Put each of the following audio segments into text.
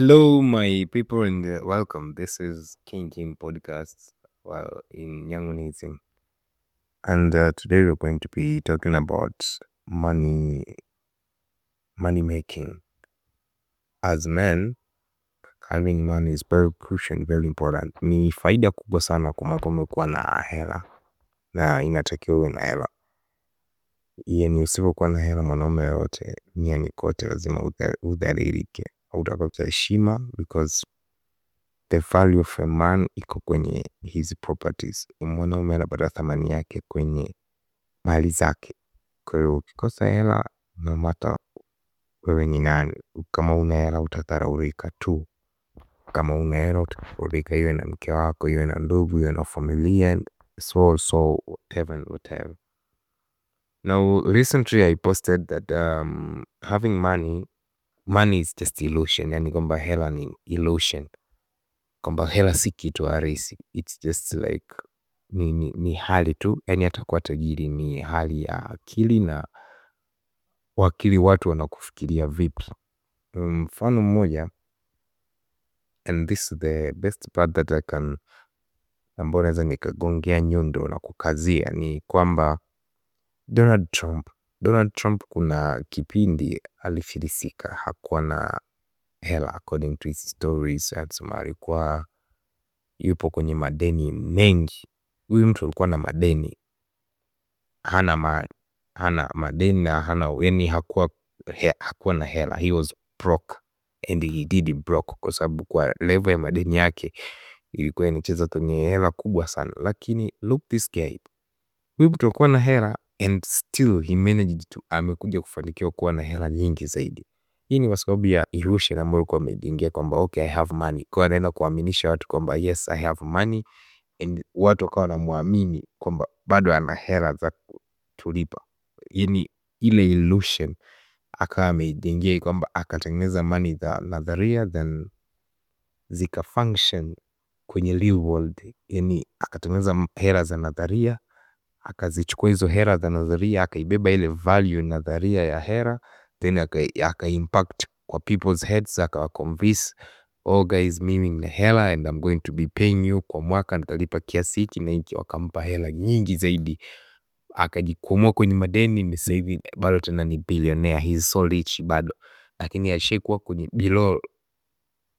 Hello, my people, and uh, welcome. This is King King Podcast well, in Yangonism. And uh, today we're going to be talking about money, money making. As men, having money is very crucial, and very important. Ni faida kubwa sana kumakumekuwa na hela na inatakiwa uwe na hela. Yeni usipokuwa na hela, mwanaume yoyote niani kote lazima udhalilike hautakosa heshima because the value of a man iko kwenye his properties. Mwanaume anapata thamani yake kwenye mali zake. Kwa hiyo ukikosa hela no matter wewe ni nani, kama una hela utataraulika tu. Kama una hela utataraulika, iwe na mke wako, iwe na ndugu, iwe na familia so so whatever whatever. Now recently I posted that um, having money money is just illusion, yani kwamba hela ni illusion, kwamba hela si kitu halisi, it's just like ni, ni, ni hali tu, yani hata kuwa tajiri ni hali ya akili na wakili watu wanakufikiria vipi. Mfano mmoja and this is the best part that I can ambao naweza nikagongea nyundo na kukazia ni kwamba Donald Trump Donald Trump kuna kipindi alifilisika hakuwa na hela according to his stories anasema alikuwa yupo kwenye madeni mengi. Huyu mtu alikuwa na madeni hana ma, hana madeni na hana yani hakuwa, he, hakuwa na hela. He was broke and he did broke kwa sababu kwa level ya madeni yake ilikuwa inacheza kwenye hela kubwa sana, lakini look this guy, huyu mtu alikuwa na hela and still he managed to amekuja kufanikiwa kuwa na hela nyingi zaidi. Hii ni kwa sababu ya illusion ambayo alikuwa amejiingia kwamba okay, I have money. Kwa anaenda kuaminisha watu kwamba yes, I have money and watu wakawa wanamwamini kwamba bado ana hela za kutulipa. Yani ile illusion akawa amejiingia kwamba akatengeneza money za nadharia then zika function kwenye real world, yaani akatengeneza hela za nadharia akazichukua hizo hera za nadharia akaibeba ile value nadharia ya hera then akaimpact aka kwa people's heads akawa convince oh guys mimi nina hela and I'm going to be paying you kwa mwaka nitalipa kiasi hiki na hiki wakampa hela nyingi zaidi akajikomoa kwenye madeni ni sasa hivi bado tena ni billionaire he's so rich bado lakini ashaikuwa kwenye bilo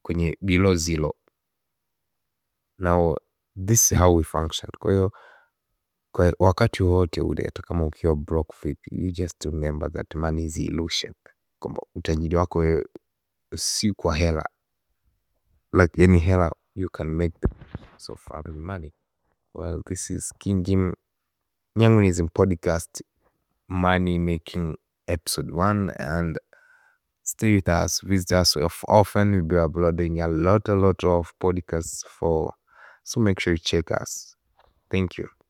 kwenye bilo zilo. now this is how we function kwa hiyo kwa wakati wote ule hata kama ukiwa broke fit, you just remember that money is illusion. Kwamba utajiri wako wewe si kwa hela like any hela you can make the so far with money. Well this is King Jim Nyangunyizim podcast money making episode one and stay with us visit us often we'll be uploading a lot a lot of podcasts for so make sure you check us. Thank you.